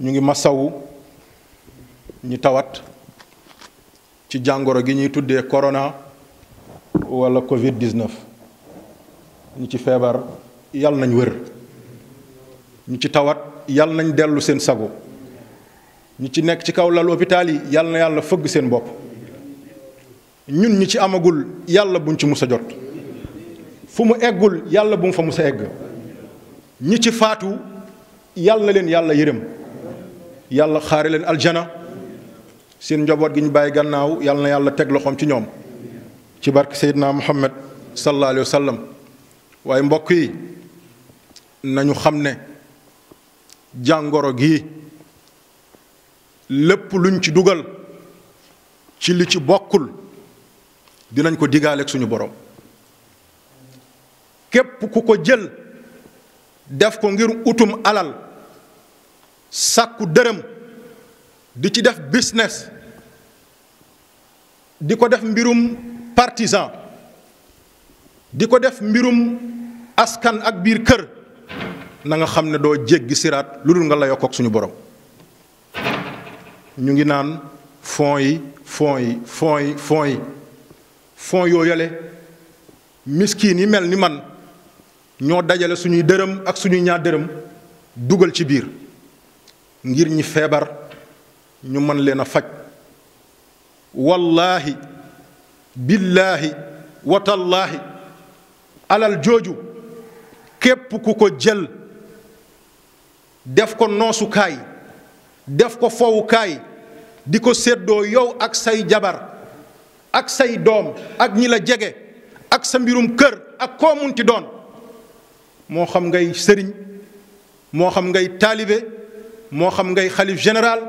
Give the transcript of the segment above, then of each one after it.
ñu ngi masawu ñu tawat ci jàngoro gi ñuy tuddee corona wala Covid 19 ñu ci feebar yal nañ wër ñu ci tawat yal nañ dellu seen sago ñu ci nekk ci kaw lal hôpital yi yal na yàlla fëgg seen bopp ñun ñu ci amagul yàlla buñ ci mus a jot fu mu eggul yàlla bu mu fa mus a egg ñi ci faatu yal na leen yàlla yërëm. yàlla xaare leen aljana seen njaboot gi ñu bàyyi gannaaw yàlla na yàlla teg loxoom ci ñoom ci barke Seydina Muhammad sallallahu alayhi sallam waaye mbokk yi nañu xam ne jàngoro gi lépp luñ ci dugal ci li ci bokkul dinañ ko digaaleeg suñu boroom képp ku ko jël def ko ngir utum alal sàkku dërëm di ci def business di ko def mbirum partisan di ko def mbirum askan ak biir kër na nga xam ne doo jéggi siraat lu dul nga layoo kook suñu borom ñu ngi naan fonds yi fon yi fon yi fon yi fon yoo yële miskiin yi mel ni man ñoo dajale suñuy dërëm ak suñuy ñaar dërëm dugal ci biir ngir ñi feebar ñu mën leen a faj wallaahi billaahi watallaahi alal jooju képp ku ko jël def ko noosukaay def ko fowukaay di ko seddoo yow ak say jabar ak say doom ak ñi la jege ak sa mbirum kër ak koo munti doon moo xam ngay sëriñ moo xam ngay taalibe moo xam ngay xalif général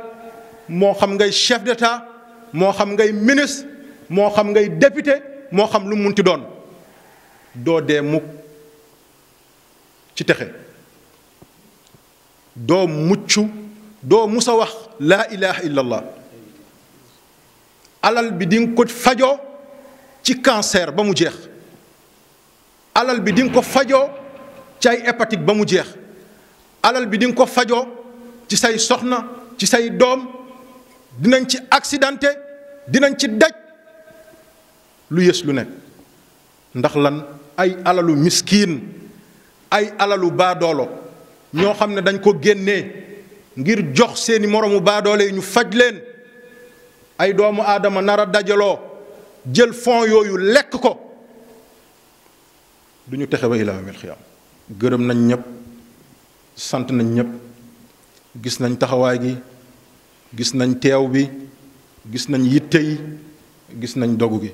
moo xam ngay chef d'état moo xam ngay ministre moo xam ngay député moo xam lu munti doon doo dee mukk ci texe doo mucc doo musa wax laa ilaha illallah alal bi di nga ko fajoo ci cancer ba mu jeex alal bi di nga ko fajoo ci ay hépatique ba mu jeex alal bi di ko fajoo ci say soxna ci say doom dinañ ci accidenté dinañ ci daj lu yées lu nekk ndax lan ay alalu miskiin ay alalu baadoolo ñoo xam ne dañ ko génnee ngir jox seeni moroomu baadoole yi ñu faj leen ay doomu aadama nara dajaloo jël fon yooyu lekk ko du ñu texe ba ilaa yawmil xiyaam gërëm nañ ñëpp sant nañ ñëpp gis nañ taxawaay gi gis nañ teew bi gis nañ yitte yi gis nañ dogu gi